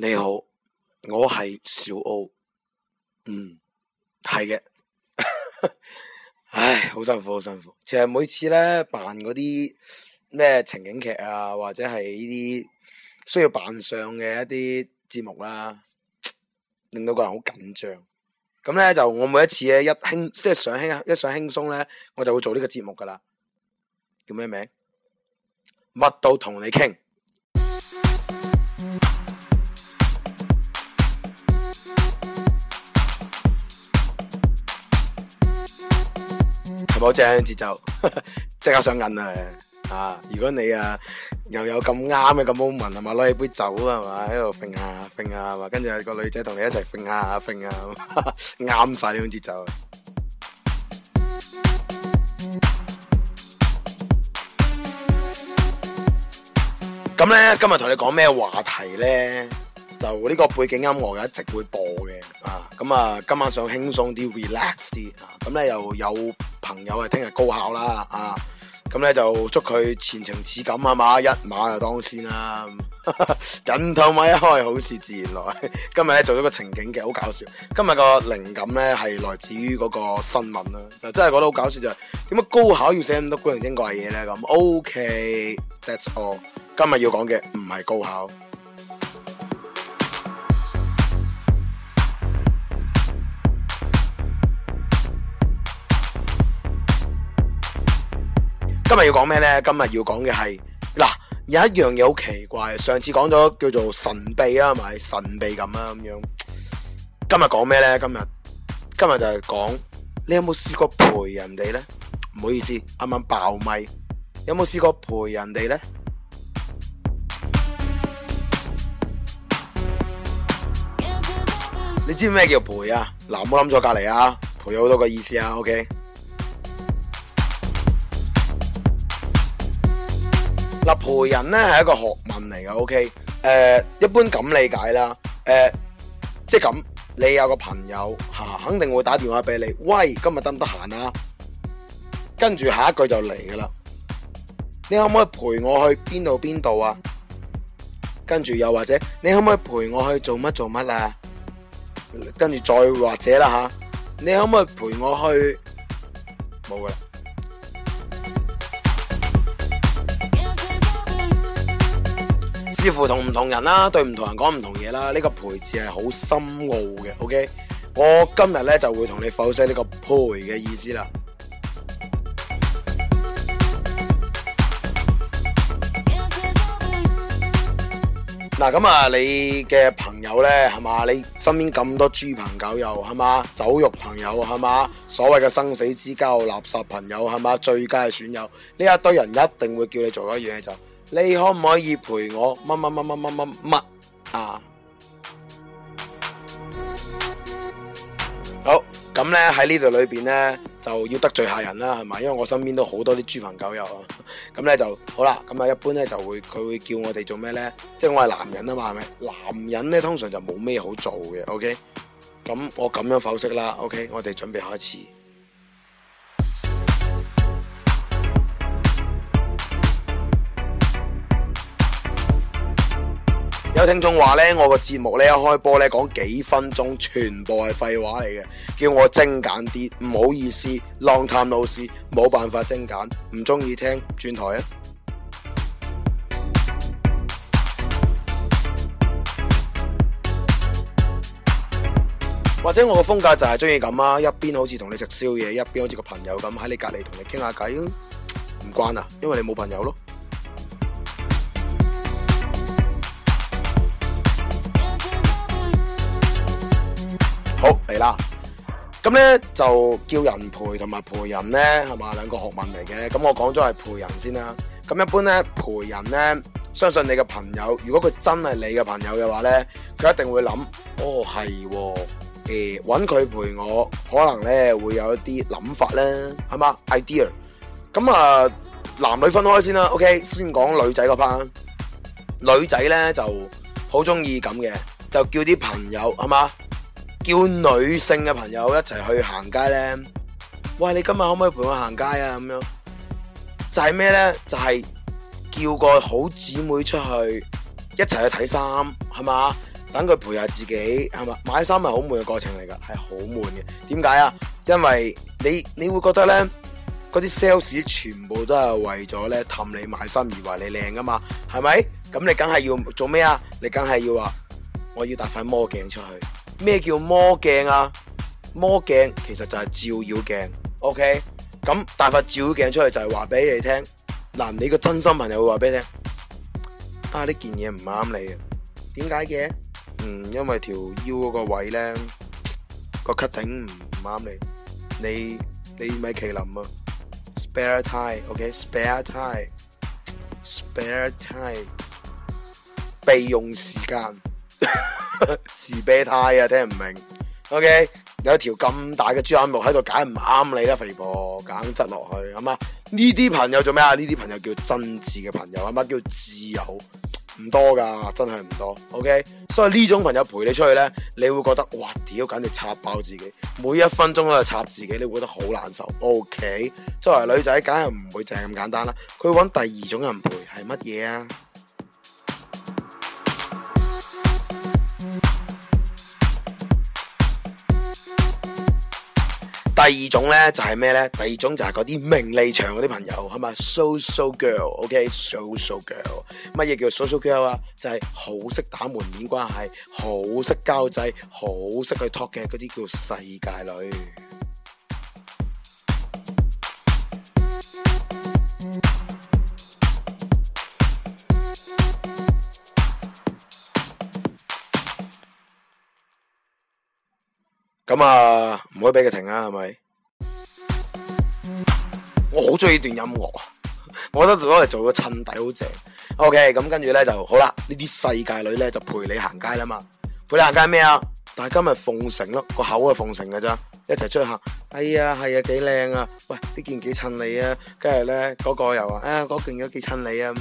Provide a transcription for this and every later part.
你好，我係小奧。嗯，係嘅。 唉，好辛苦，好辛苦。其實每次咧，扮嗰啲咩情景劇啊，或者係呢啲需要扮相嘅一啲節目啦，令到個人好緊張。咁咧就我每一次咧一輕即係想輕一想輕鬆咧，我就會做呢個節目噶啦。叫咩名？乜都同你傾。好正節奏，即刻上癮啊！啊，如果你啊又有咁啱嘅個 moment 係嘛，攞起杯酒係嘛，喺度揈下揈下係嘛，跟住有個女仔同你一齊揈下揈下，啱、嗯、晒、嗯、呢種節奏。咁咧，今日同你講咩話題咧？就呢個背景音樂我一直會播嘅啊。咁啊，今晚想輕鬆啲、relax 啲啊。咁咧又有。朋友係聽日高考啦，啊，咁咧就祝佢前程似錦吖嘛，一馬就當先啦，啊，人頭馬一開，好事自然來。今日咧做咗個情景嘅好搞笑，今日個靈感咧係來自於嗰個新聞啦，就真係覺得好搞笑就係點解高考要寫咁多古靈精怪嘅嘢，咧咁？OK，That's all。今日要講嘅唔係高考。今日要講咩呢？今日要講嘅係嗱，有一樣嘢好奇怪。上次講咗叫做神秘啦，係咪神秘咁啦咁樣？今日講咩呢？今日今日就係講你有冇試過陪人哋呢？唔好意思，啱啱爆咪，有冇試過陪人哋呢？你知唔知咩叫陪啊？嗱，哥諗咗隔籬啊，陪有好多個意思啊，OK？陪人咧係一個學問嚟嘅。OK 誒，一般咁理解啦，誒、呃，即係咁，你有個朋友吓，肯定會打電話俾你，喂，今日得唔得閒啊？跟住下一句就嚟噶啦，你可唔可以陪我去邊度邊度啊？跟住又或者，你可唔可以陪我去做乜做乜啊？跟住再或者啦吓、啊，你可唔可以陪我去？冇嘅喇。視乎同唔同人啦，對唔同人講唔同嘢啦，呢個陪字係好深奧嘅，OK？我今日呢就會同你剖析呢個陪嘅意思啦。嗱咁、 嗯、啊，你嘅朋友呢？係嘛？你身邊咁多豬朋狗友係嘛？酒肉朋友係嘛？所謂嘅生死之交、垃圾朋友係嘛？最佳嘅損友呢一堆人一定會叫你做一樣嘢就是。你可唔可以陪我乜乜乜乜乜乜乜啊？好，咁呢喺呢度裏邊呢，就要得罪下人啦，係咪？因為我身邊都好多啲豬朋狗友啊，咁 呢就好啦。咁啊，一般呢，就會佢會叫我哋做咩呢？即係我係男人啊嘛，係咪？男人呢，通常就冇咩好做嘅，OK？咁我咁樣剖析啦，OK？我哋準備下一次。有聽眾話呢，我個節目呢一開波呢講幾分鐘，全部係廢話嚟嘅，叫我精簡啲。唔好意思，浪探老師冇辦法精簡，唔中意聽轉台啊。或者我個風格就係中意咁啊，一邊好似同你食宵夜，一邊好似個朋友咁喺你隔籬同你傾下偈咯。唔關啊，因為你冇朋友咯。好嚟啦，咁咧就叫人陪同埋陪人咧，係嘛？兩個學問嚟嘅。咁我講咗係陪人先啦。咁一般咧，陪人咧，相信你嘅朋友，如果佢真係你嘅朋友嘅話咧，佢一定會諗，哦係，誒搵佢陪我，可能咧會有一啲諗法咧，係嘛 Idea。咁啊、呃，男女分開先啦，OK 先。先講女仔嗰 part，女仔咧就好中意咁嘅，就叫啲朋友，係嘛。叫女性嘅朋友一齊去行街咧，喂，你今日可唔可以陪我行街啊？咁樣就係咩咧？就係、是、叫個好姊妹出去一齊去睇衫，係嘛？等佢陪下自己，係嘛？買衫係好悶嘅過程嚟噶，係好悶嘅。點解啊？因為你你會覺得咧，嗰啲 sales 全部都係為咗咧氹你買衫而話你靚噶嘛，係咪？咁你梗係要做咩啊？你梗係要話我要搭塊魔鏡出去。咩叫魔鏡啊？魔鏡其實就係照妖鏡，OK？咁帶塊照妖鏡出去就係話俾你聽。嗱，你個真心朋友會話俾你聽，啊呢件嘢唔啱你，點解嘅？嗯，因為條腰嗰個位咧個 cutting 唔啱你，你你咪麒麟啊，spare time，OK？spare time，spare time，備用時間。是備胎啊，聽唔明？OK，有條咁大嘅豬眼目喺度梗係唔啱你啦，肥婆，梗質落去，係嘛？呢啲朋友做咩啊？呢啲朋友叫真摯嘅朋友，係嘛？叫摯友？唔多噶，真係唔多。OK，所以呢種朋友陪你出去呢，你會覺得哇，屌，簡直插爆自己，每一分鐘都係插自己，你會覺得好難受。OK，作為女仔，梗係唔會淨係咁簡單啦，佢揾第二種人陪係乜嘢啊？第二種呢就係咩呢？第二種就係嗰啲名利場嗰啲朋友係咪 so so girl，ok，so so girl，乜嘢叫 so so girl 啊？就係好識打門面關係，好識交際，好識去 talk 嘅嗰啲叫世界女。咁啊，唔可以俾佢停啊，係咪？我好中意呢段音樂啊， 我覺得攞嚟做個襯底好正。OK，咁跟住咧就好啦。呢啲世界女咧就陪你行街啦嘛，陪你行街咩啊？但係今日奉承咯，個口啊奉承噶咋，一齊出去行。哎呀，係啊，幾靚啊！喂，呢件幾襯你啊？跟住咧嗰個又話，誒、哎，嗰件有幾襯你啊？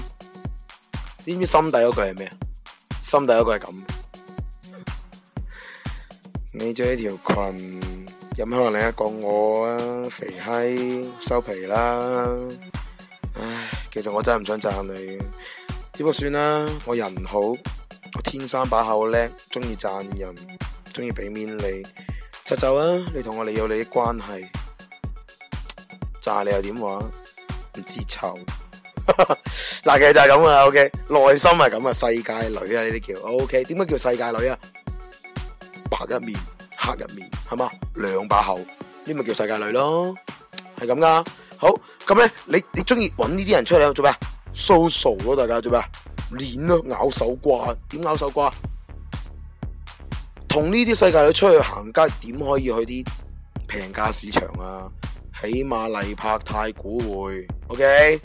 你知唔知心底嗰句係咩？心底嗰句係咁。你着呢條裙，有咩可能？你講我啊肥閪收皮啦！唉，其實我真係唔想讚你，只不過算啦。我人好，我天生把口叻，中意讚人，中意俾面你，就就啊！你同我利用你啲關係，讚你又點話？唔知醜嗱，醜 其實就係咁啊。O K，內心係咁啊，世界女啊呢啲叫 O K，點解叫世界女啊？白一面，黑一面，係嘛？兩把口，呢咪叫世界女咯，係咁噶。好，咁咧，你你中意揾呢啲人出嚟做咩？social 咯，大家做咩？鏈咯、啊，咬手瓜，點咬手瓜？同呢啲世界女出去行街，點可以去啲平價市場啊？起碼麗柏太古匯，OK？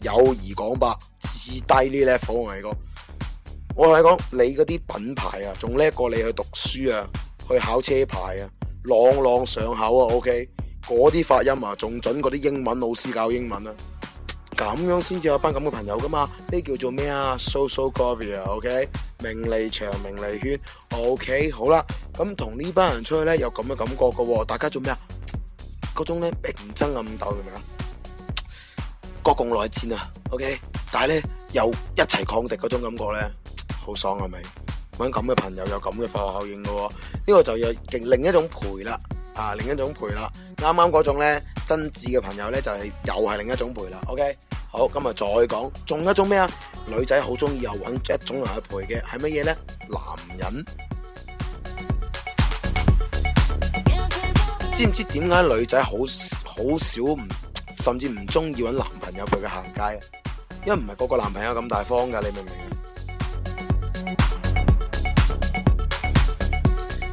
友誼講白，至低呢 level 我嚟講。我同你講你嗰啲品牌啊，仲叻過你去讀書啊，去考車牌啊，朗朗上口啊，OK？嗰啲發音啊，仲準過啲英文老師教英文啊，咁樣先至有班咁嘅朋友噶嘛？呢叫做咩啊？social golfer，OK？名利場、名利圈，OK？好啦，咁同呢班人出去呢，有咁嘅感覺㗎喎、啊，大家做咩啊？嗰種呢，明爭暗鬥，明唔明？國共內戰啊，OK？但係呢，又一齊抗敵嗰種感覺呢。好爽係咪？揾咁嘅朋友有咁嘅化學效應嘅喎，呢個就又另一種陪啦，啊，另一種陪啦。啱啱嗰種咧真摯嘅朋友咧就係又係另一種陪啦。OK，好，咁啊再講仲有一種咩啊？女仔好中意又揾一種人去陪嘅係乜嘢咧？男人 知唔知點解女仔好好少，甚至唔中意揾男朋友陪佢行街？因為唔係個個男朋友咁大方噶，你明唔明？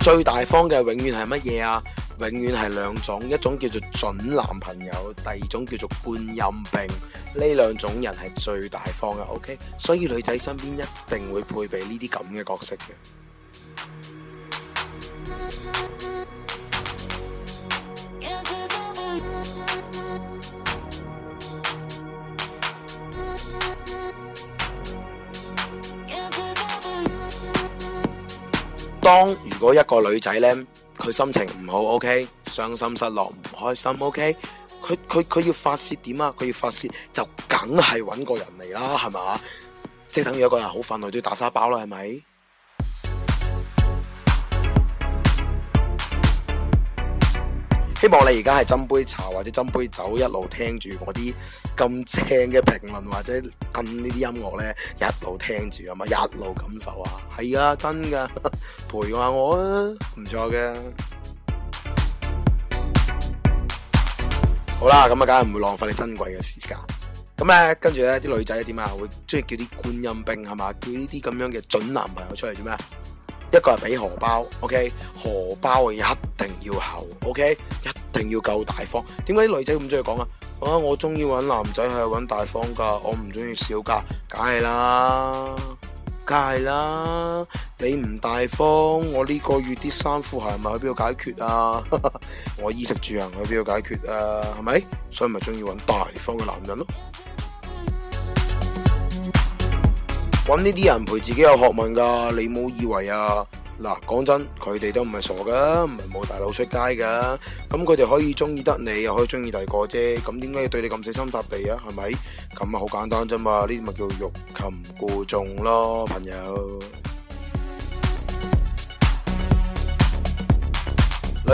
最大方嘅永遠係乜嘢啊？永遠係兩種，一種叫做準男朋友，第二種叫做觀音兵。呢兩種人係最大方嘅，OK。所以女仔身邊一定會配備呢啲咁嘅角色嘅。當如果一個女仔呢，佢心情唔好，OK，傷心失落唔開心，OK，佢佢佢要發泄點啊？佢要發泄就梗係揾個人嚟啦，係咪？即係等於一個人好憤怒都要打沙包啦，係咪？希望你而家係斟杯茶或者斟杯酒，一路聽住我啲咁正嘅評論，或者摁呢啲音樂咧，一路聽住啊嘛，一路感受啊，係啊，真噶，陪下我啊，唔錯嘅。好啦，咁啊，梗係唔會浪費你珍貴嘅時間。咁咧，跟住咧，啲女仔點啊，會中意叫啲觀音兵係嘛，叫呢啲咁樣嘅準男朋友出嚟做咩啊？一個係俾荷包，OK，荷包啊，一定要厚，OK，一定要夠大方。點解啲女仔咁中意講啊？啊，我中意搵男仔係搵大方噶，我唔中意小家，梗係啦，梗係啦。你唔大方，我呢個月啲衫褲鞋係咪去邊度解決啊？ 我的衣食住行去邊度解決啊？係咪？所以咪中意搵大方嘅男人咯。搵呢啲人陪自己有學問噶，你冇以為啊！嗱，講真，佢哋都唔係傻噶，唔係冇大佬出街噶。咁佢哋可以中意得你，又可以中意第二個啫。咁點解要對你咁死心塌地啊？係咪？咁啊，好簡單啫嘛。呢啲咪叫欲擒故縱咯，朋友。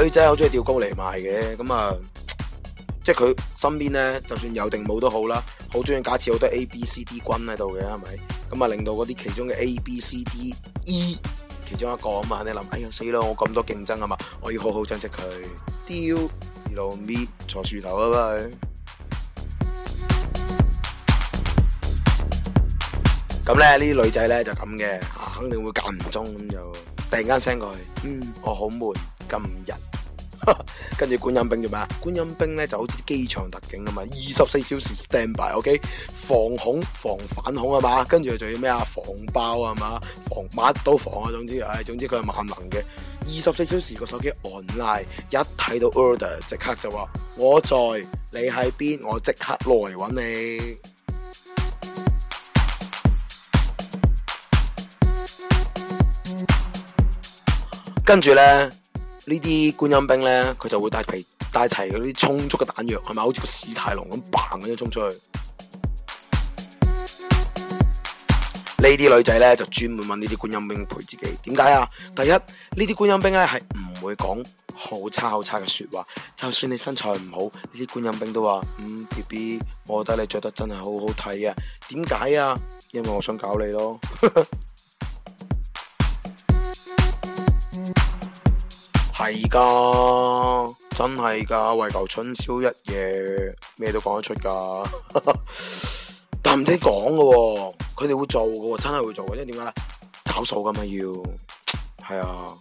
女仔好中意吊高嚟賣嘅，咁啊。即係佢身邊咧，就算有定冇都好啦，好中意假設好多 A、B、C、D 軍喺度嘅係咪？咁啊，令到嗰啲其中嘅 A、B、C、D、E 其中一個啊嘛，你諗哎呀死啦，我咁多競爭啊嘛，我要好好珍惜佢。屌，你老味，you know me, 坐樹頭啊喂！咁咧 呢啲女仔咧就咁嘅，肯定會揀唔中，咁就突然間 send 過去。 嗯，我好悶，今日。跟 住觀音兵做咩啊？觀音兵咧就好似機場特警啊嘛，二十四小時 stand by，OK，okay? 防恐、防反恐係嘛，跟住仲要咩啊？防爆啊嘛，防乜都防啊，總之，唉、哎，總之佢係萬能嘅。二十四小時個手機 online，一睇到 order，即刻就話我在，你喺邊，我即刻來揾你。跟住 呢。呢啲觀音兵呢，佢就會帶皮帶齊嗰啲充足嘅彈藥，係咪好似個史泰龍咁嘭咁樣衝出去？呢啲女仔呢，就專門搵呢啲觀音兵陪自己，點解啊？第一，呢啲觀音兵呢係唔會講好差好差嘅說話，就算你身材唔好，呢啲觀音兵都話：「嗯，B B，我覺得你着得真係好好睇啊！點解啊？因為我想搞你咯。 係噶，真係噶，為求春宵一夜，咩都講得出噶。但唔止講噶，佢哋會做噶，真係會做噶，因為點解咧？找數噶嘛要，係啊，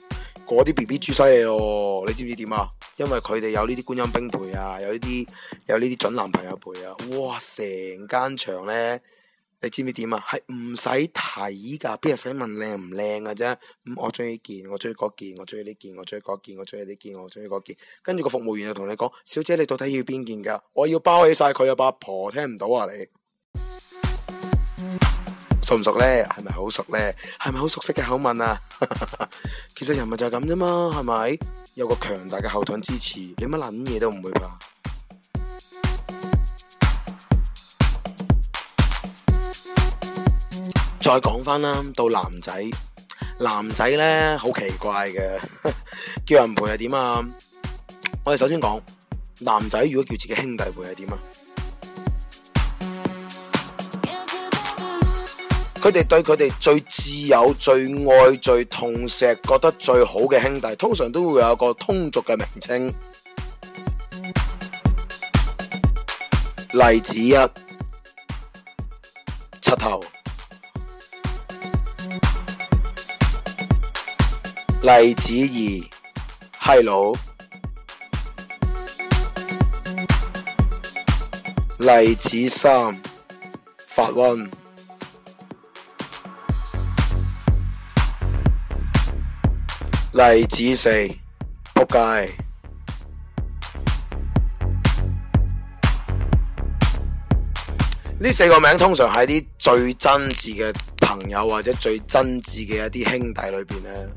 嗰啲 BB 豬犀利咯，你知唔知點啊？因為佢哋有呢啲觀音兵陪啊，有呢啲有呢啲準男朋友陪啊，哇，成間場咧～你知唔知點啊？係唔使睇噶，邊日使問靚唔靚噶啫。咁、嗯、我中意件，我中意嗰件，我中意呢件，我中意嗰件，我中意呢件，我中意嗰件。跟住個服務員就同你講， 小姐，你到底要邊件噶？我要包起晒佢啊！八婆聽唔到啊你。 熟唔熟呢？係咪好熟呢？係咪好熟悉嘅口吻啊？ 其實人物就係咁啫嘛，係咪？有個強大嘅後盾支持，你乜撚嘢都唔會怕。再講翻啦，到男仔，男仔呢，好奇怪嘅，叫人陪係點啊？我哋首先講男仔，如果叫自己兄弟陪係點啊？佢哋 對佢哋最摯友、最愛、最痛錫、覺得最好嘅兄弟，通常都會有一個通俗嘅名稱。例子一。例子二，嗨佬；例子三，發瘟；例子四，仆街。呢四個名通常喺啲最真摯嘅朋友或者最真摯嘅一啲兄弟裏邊咧。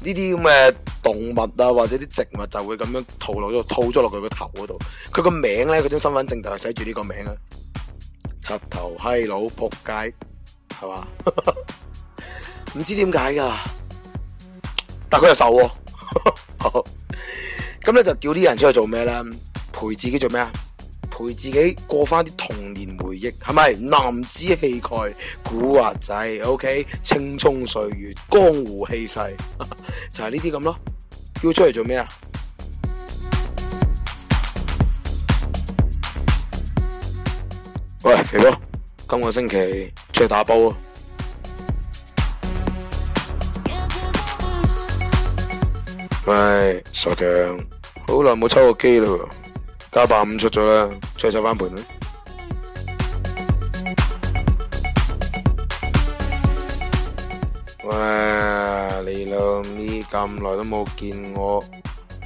呢啲咁嘅動物啊，或者啲植物就會咁樣吐落咗，吐咗落佢個頭嗰度。佢個名咧，佢張身份證就係寫住呢個名啊，柒頭閪佬仆街，係嘛？唔 知點解㗎，但佢又瘦喎、啊。咁 咧就叫啲人出去做咩咧？陪自己做咩啊？陪自己過翻啲童年回憶，係咪？男子氣概，古惑仔，OK，青蔥歲月，江湖氣勢， 就係呢啲咁咯。要出嚟做咩啊？喂，肥哥，今個星期出去打波啊？喂，傻強，好耐冇抽過機啦喎！加八五出咗啦，出去收翻盤啦！喂，你老味咁耐都冇見我，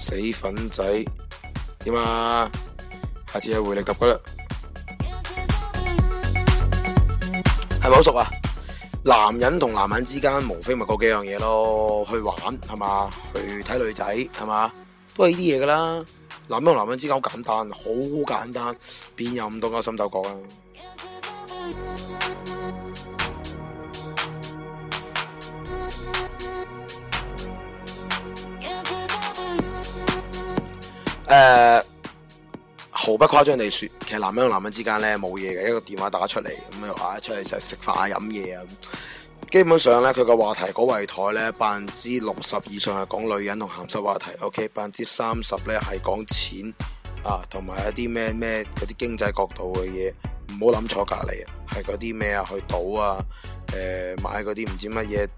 死粉仔，點啊？下次有回力及噶啦，係咪好熟啊？男人同男人之間，無非咪嗰幾樣嘢咯，去玩係嘛，去睇女仔係嘛，都係呢啲嘢噶啦。男人同男人之間好簡單，好簡單，邊有咁多勾心鬥角啊？誒， uh, 毫不誇張地説，其實男人同男人之間咧冇嘢嘅，一個電話打出嚟咁又話出嚟就食飯啊飲嘢啊咁。基本上咧，佢個話題嗰圍台咧，百分之六十以上係講女人同鹹濕話題，OK？百分之三十咧係講錢啊，同埋一啲咩咩嗰啲經濟角度嘅嘢，唔好諗，坐隔籬啊，係嗰啲咩啊，去賭啊，誒買嗰啲唔知乜嘢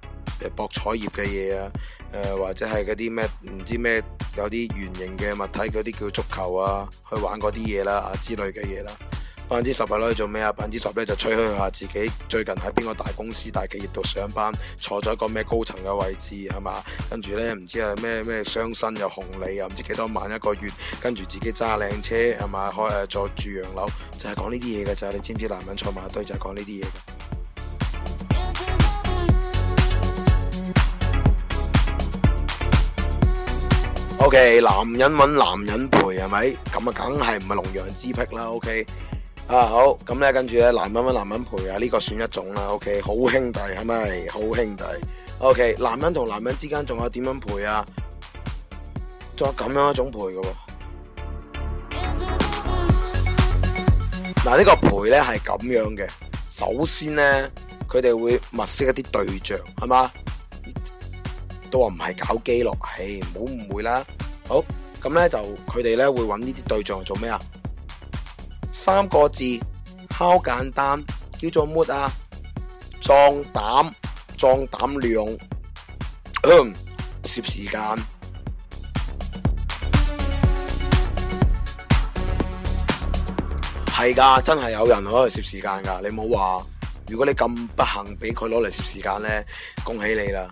博彩業嘅嘢啊，誒、呃、或者係嗰啲咩唔知咩有啲圓形嘅物體嗰啲叫足球啊，去玩嗰啲嘢啦啊之類嘅嘢啦。百分之十啊，攞去做咩啊？百分之十咧就吹噓下自己最近喺邊個大公司、大企業度上班，坐咗一個咩高層嘅位置係嘛？跟住咧唔知啊咩咩雙薪又紅利又唔知幾多萬一個月，跟住自己揸靚車係嘛？開誒坐住洋樓，就係講呢啲嘢嘅，就係你知唔知男人坐埋一堆就係講呢啲嘢嘅？OK，男人揾男人陪係咪？咁啊，梗係唔係龍陽之癖啦，OK。啊好，咁咧跟住咧，男人揾男人陪啊，呢、呢個算一種啦。OK，好兄弟係咪？好兄弟。OK，男人同男人之間仲有點樣陪啊？仲有咁樣一種陪嘅。嗱、嗯，呢、啊呢個陪咧係咁樣嘅。首先咧，佢哋會物色一啲對象，係嘛？都話唔係搞基落，唉，唔好誤會啦。好，咁咧就佢哋咧會揾呢啲對象做咩啊？三個字，好簡單，叫做乜啊，壯膽，壯膽量，嗯，攝時間。係噶，真係有人可以攝時間噶，你唔好話。如果你咁不幸俾佢攞嚟攝時間咧，恭喜你啦。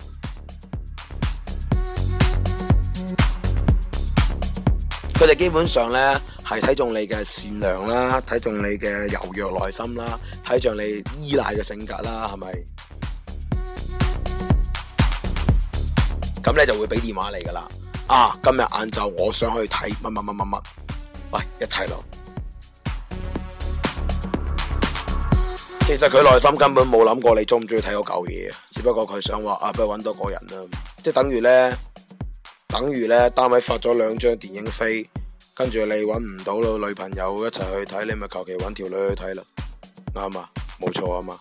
佢哋基本上咧。係睇中你嘅善良啦，睇中你嘅柔弱內心啦，睇中你依賴嘅性格啦，係咪？咁咧 就會俾電話嚟噶啦。啊，今日晏晝我想去睇乜乜乜乜乜。喂、啊，一齊咯。 其實佢內心根本冇諗過你中唔中意睇嗰嚿嘢，只不過佢想話啊，不如搵多個人啦。即係等於咧，等於咧，單位發咗兩張電影飛。跟住你揾唔到女朋友一齊去睇，你咪求其揾條女去睇啦，啱啊，冇錯啊嘛。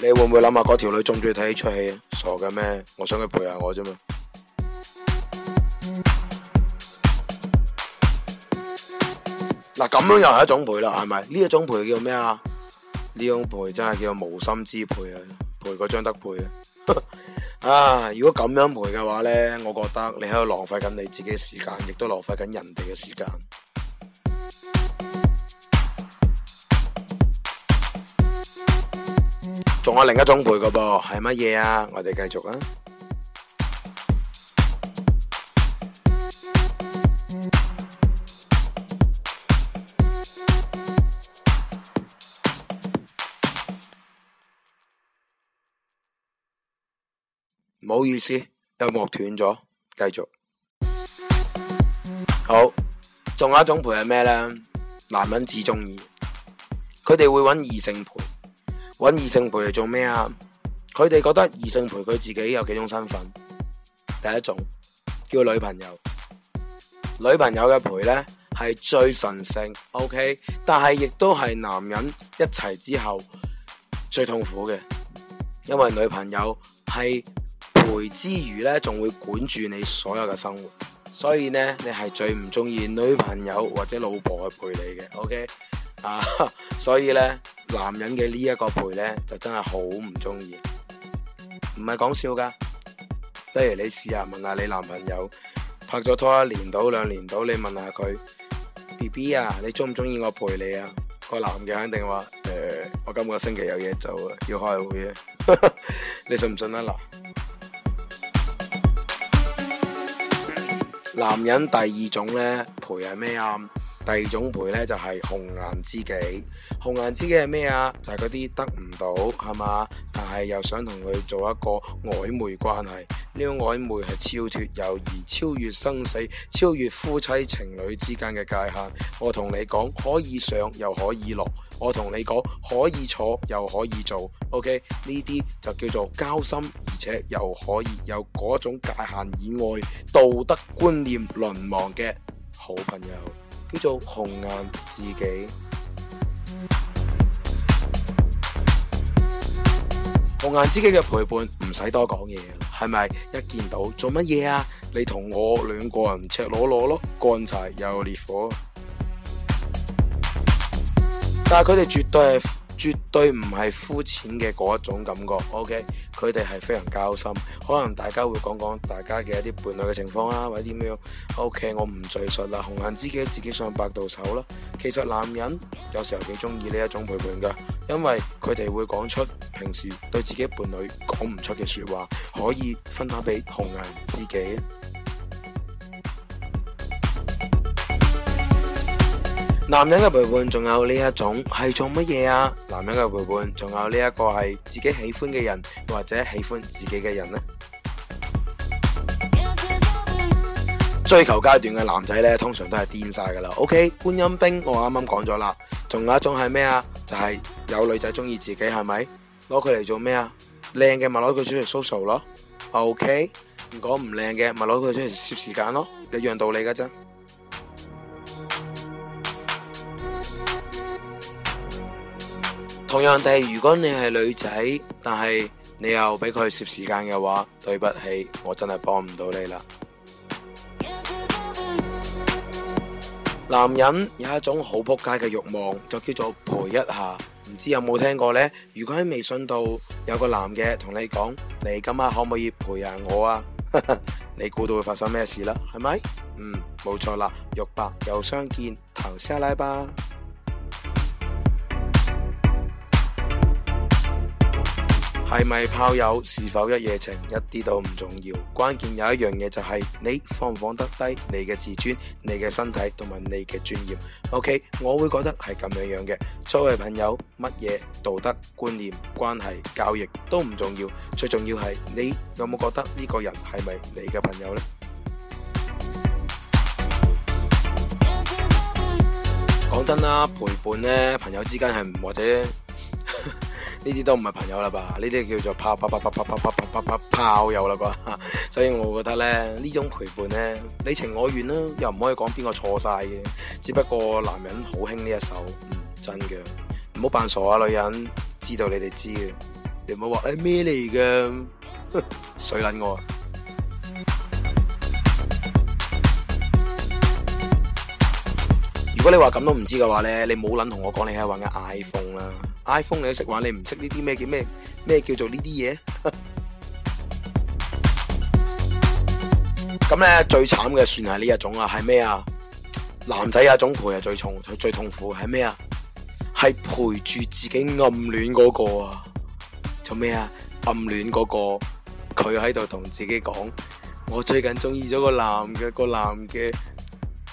你會唔會諗下嗰條女中唔中意睇呢出戲？傻嘅咩？我想佢陪下我啫嘛。嗱，咁 樣又係一種陪啦，係咪？呢一 種陪叫咩啊？呢種陪真係叫無心支配啊，陪個張德配啊。。 啊！如果咁樣陪嘅話呢，我覺得你喺度浪費緊你自己嘅時間，亦都浪費緊人哋嘅時間。仲有另一種陪嘅噃，係乜嘢啊？我哋繼續啊！好意思，音樂斷咗，繼續好。仲有一種陪係咩呢？男人至中意佢哋會揾異性陪，揾異性陪嚟做咩啊？佢哋覺得異性陪佢自己有幾種身份？第一種叫女朋友，女朋友嘅陪呢，係最神聖，OK，但係亦都係男人一齊之後最痛苦嘅，因為女朋友係。陪之餘呢，仲會管住你所有嘅生活，所以呢，你係最唔中意女朋友或者老婆去陪你嘅，OK？啊，所以呢，男人嘅呢一個陪呢，就真係好唔中意，唔係講笑噶。不如你試下問下你男朋友，拍咗拖一年到兩年到，你問下佢，B B 啊，你中唔中意我陪你啊？個男嘅肯定話，誒，我今個星期有嘢做，要開會啊。 你信唔信啊？嗱。男人第二種呢，陪係咩啊？第二種陪呢，就係紅顏知己。紅顏知己係咩啊？就係嗰啲得唔到係嘛，但係又想同佢做一個曖昧關係。呢種曖昧係超脱，友誼，超越生死，超越夫妻情侶之間嘅界限。我同你講，可以上又可以落；我同你講，可以坐又可以做。OK，呢啲就叫做交心，而且又可以有嗰種界限以外道德觀念淪亡嘅好朋友，叫做紅顏知己。紅顏知己嘅陪伴唔使多講嘢。係咪一見到做乜嘢啊？你同我兩個人赤裸裸囉，乾柴又烈火，但係佢哋絕對係。絕對唔係膚淺嘅嗰一種感覺，OK？佢哋係非常交心，可能大家會講講大家嘅一啲伴侶嘅情況啊，或者點樣？OK，我唔敍述啦。紅顏知己自己上百度搜啦。其實男人有時候幾鍾意呢一種陪伴㗎，因為佢哋會講出平時對自己伴侶講唔出嘅説話，可以分享俾紅顏知己。男人嘅陪伴仲有呢一種係做乜嘢啊？男人嘅陪伴仲有呢一個係自己喜歡嘅人或者喜歡自己嘅人呢？追求階段嘅男仔呢，通常都係癲晒噶啦。OK，觀音兵我啱啱講咗啦，仲有一種係咩啊？就係、是、有女仔中意自己係咪？攞佢嚟做咩啊？靚嘅咪攞佢出嚟 social 咯。OK，如果唔靚嘅咪攞佢出嚟攝時間咯，一樣道理噶啫。同樣地，如果你係女仔，但係你又俾佢攝時間嘅話，對不起，我真係幫唔到你啦。男人有一種好仆街嘅慾望，就叫做陪一下，唔知道有冇聽過呢？如果喺微信度有個男嘅同你講，你今晚可唔可以陪下我啊？ 你估到會發生咩事啦？係咪？嗯，冇錯啦，玉白又相見，談下拉吧。係咪炮友？是否一夜情？一啲都唔重要。關鍵有一樣嘢就係、是、你放唔放得低你嘅自尊、你嘅身體同埋你嘅尊嚴。OK，我會覺得係咁樣樣嘅。作為朋友，乜嘢道德觀念、關係交易都唔重要。最重要係你有冇覺得呢個人係咪你嘅朋友呢？講 真啦，陪伴呢，朋友之間係唔或者。呢啲都唔係朋友啦吧？呢啲叫做炮炮炮炮炮炮炮炮炮炮炮友啦啩，吧 所以我覺得咧呢種陪伴咧你情我願啦，又唔可以講邊個錯晒嘅，只不過男人好興呢一手，真嘅，唔好扮傻啊！女人知道你哋知嘅，你唔好話咧咩嚟嘅，水、哎、撚我。如果你話咁都唔知嘅話呢，你冇捻同我講你喺玩緊 iPhone 啦，iPhone 你都識玩，你唔識呢啲咩叫咩咩叫做呢啲嘢？咁 呢，最慘嘅算係呢一種啊，係咩啊？男仔有種陪係最重最痛苦係咩啊？係陪住自己暗戀嗰個啊？做咩啊？暗戀嗰個佢喺度同自己講，我最近中意咗個男嘅個男嘅。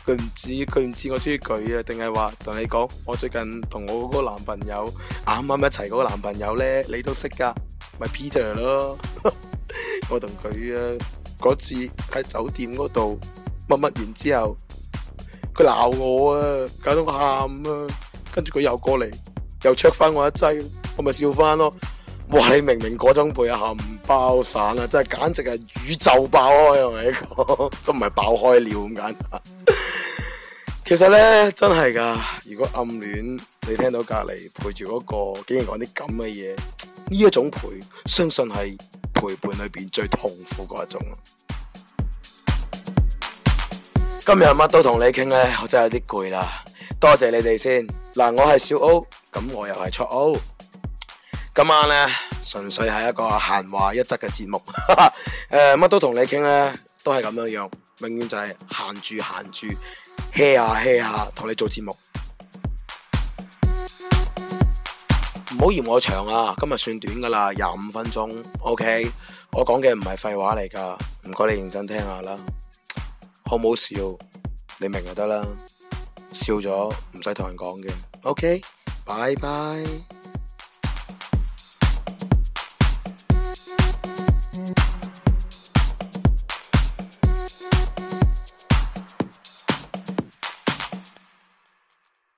佢唔知佢唔知我中意佢啊，定係話同你講我最近同我嗰個男朋友啱啱一齊嗰個男朋友咧，你都識噶咪、就是、Peter 咯， 我同佢啊嗰次喺酒店嗰度乜乜完之後，佢鬧我啊，搞到我喊啊，跟住佢又過嚟又 chok 翻我一劑，我咪笑翻咯，哇你明明嗰張背啊，下包爆散啊，真係簡直係宇宙爆開同、啊、你講，都唔係爆開了咁簡單。 其實呢，真係噶，如果暗戀你聽到隔離陪住嗰個，竟然講啲咁嘅嘢，呢一種陪，相信係陪伴裏邊最痛苦嗰一種。 今日乜都同你傾咧，我真係有啲攰啦，多謝你哋先。嗱，我係小歐，咁我又係初歐。今晚咧純粹係一個閒話一則嘅節目，誒，乜都同你傾咧，都係咁樣樣。永遠就係閒住閒住，hea 下 hea 下，同你做節目。唔好嫌我長啊，今日算短噶啦，廿五分鐘。OK，我講嘅唔係廢話嚟噶，唔該你認真聽下啦。好唔好笑？你明就得啦。笑咗唔使同人講嘅。OK，拜拜。